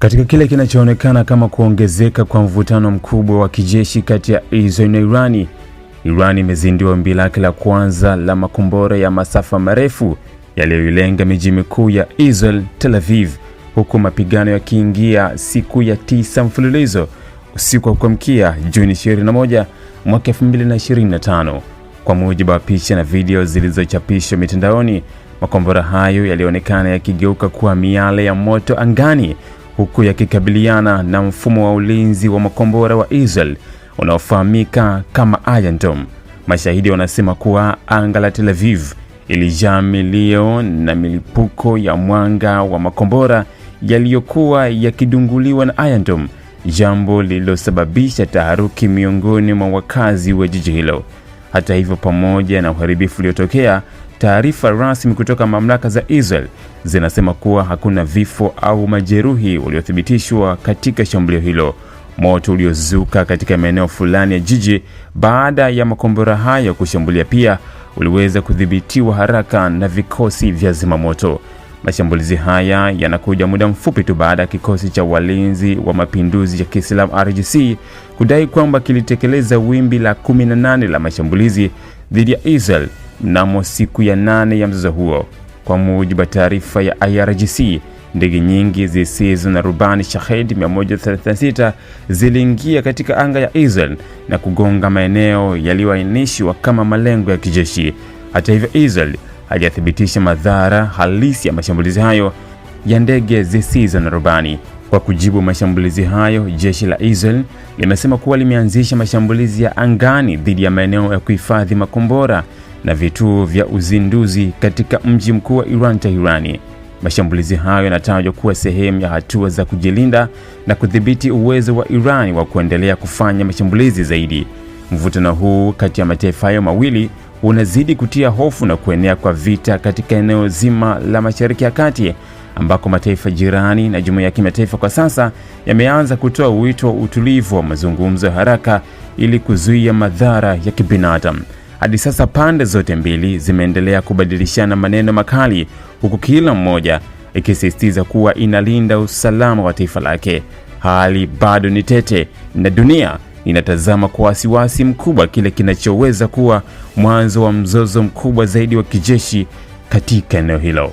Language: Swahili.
Katika kile kinachoonekana kama kuongezeka kwa mvutano mkubwa wa kijeshi kati ya Israel na Irani, Iran imezindua wimbi lake la kwanza la makombora ya masafa marefu yaliyoilenga miji mikuu ya Israel, Tel Aviv, huku mapigano yakiingia siku ya tisa mfululizo usiku wa kuamkia Juni 21 mwaka 2025. Kwa mujibu wa picha na video zilizochapishwa mitandaoni, makombora hayo yalionekana yakigeuka kuwa miale ya moto angani huku yakikabiliana na mfumo wa ulinzi wa makombora wa Israel unaofahamika kama Iron Dome. Mashahidi wanasema kuwa anga la Tel Aviv ilijaa milio na milipuko ya mwanga wa makombora yaliyokuwa yakidunguliwa na Iron Dome, jambo lililosababisha taharuki miongoni mwa wakazi wa jiji hilo. Hata hivyo, pamoja na uharibifu uliotokea Taarifa rasmi kutoka mamlaka za Israel zinasema kuwa hakuna vifo au majeruhi waliothibitishwa katika shambulio hilo. Moto uliozuka katika maeneo fulani ya jiji baada ya makombora hayo kushambulia pia uliweza kudhibitiwa haraka na vikosi vya zimamoto. Mashambulizi haya yanakuja muda mfupi tu baada ya kikosi cha walinzi wa mapinduzi ya Kiislamu RGC kudai kwamba kilitekeleza wimbi la 18 la mashambulizi dhidi ya Israel mnamo siku ya nane ya mzozo huo. Kwa mujibu wa taarifa ya IRGC, ndege nyingi zisizo na rubani Shahed 136 ziliingia katika anga ya Israel na kugonga maeneo yaliyoainishwa kama malengo ya kijeshi. Hata hivyo, Israel haijathibitisha madhara halisi ya mashambulizi hayo ya ndege zisizo na rubani. Kwa kujibu mashambulizi hayo, jeshi la Israel limesema kuwa limeanzisha mashambulizi ya angani dhidi ya maeneo ya kuhifadhi makombora na vituo vya uzinduzi katika mji mkuu wa Iran, Tehrani. Mashambulizi hayo yanatajwa kuwa sehemu ya hatua za kujilinda na kudhibiti uwezo wa Iran wa kuendelea kufanya mashambulizi zaidi. Mvutano huu kati ya mataifa hayo mawili unazidi kutia hofu na kuenea kwa vita katika eneo zima la Mashariki ya Kati ambako mataifa jirani na jumuiya ya kimataifa kwa sasa yameanza kutoa wito wa utulivu wa mazungumzo ya haraka ili kuzuia madhara ya kibinadamu. Hadi sasa pande zote mbili zimeendelea kubadilishana maneno makali, huku kila mmoja ikisisitiza kuwa inalinda usalama wa taifa lake. Hali bado ni tete na dunia inatazama kwa wasiwasi mkubwa kile kinachoweza kuwa mwanzo wa mzozo mkubwa zaidi wa kijeshi katika eneo hilo.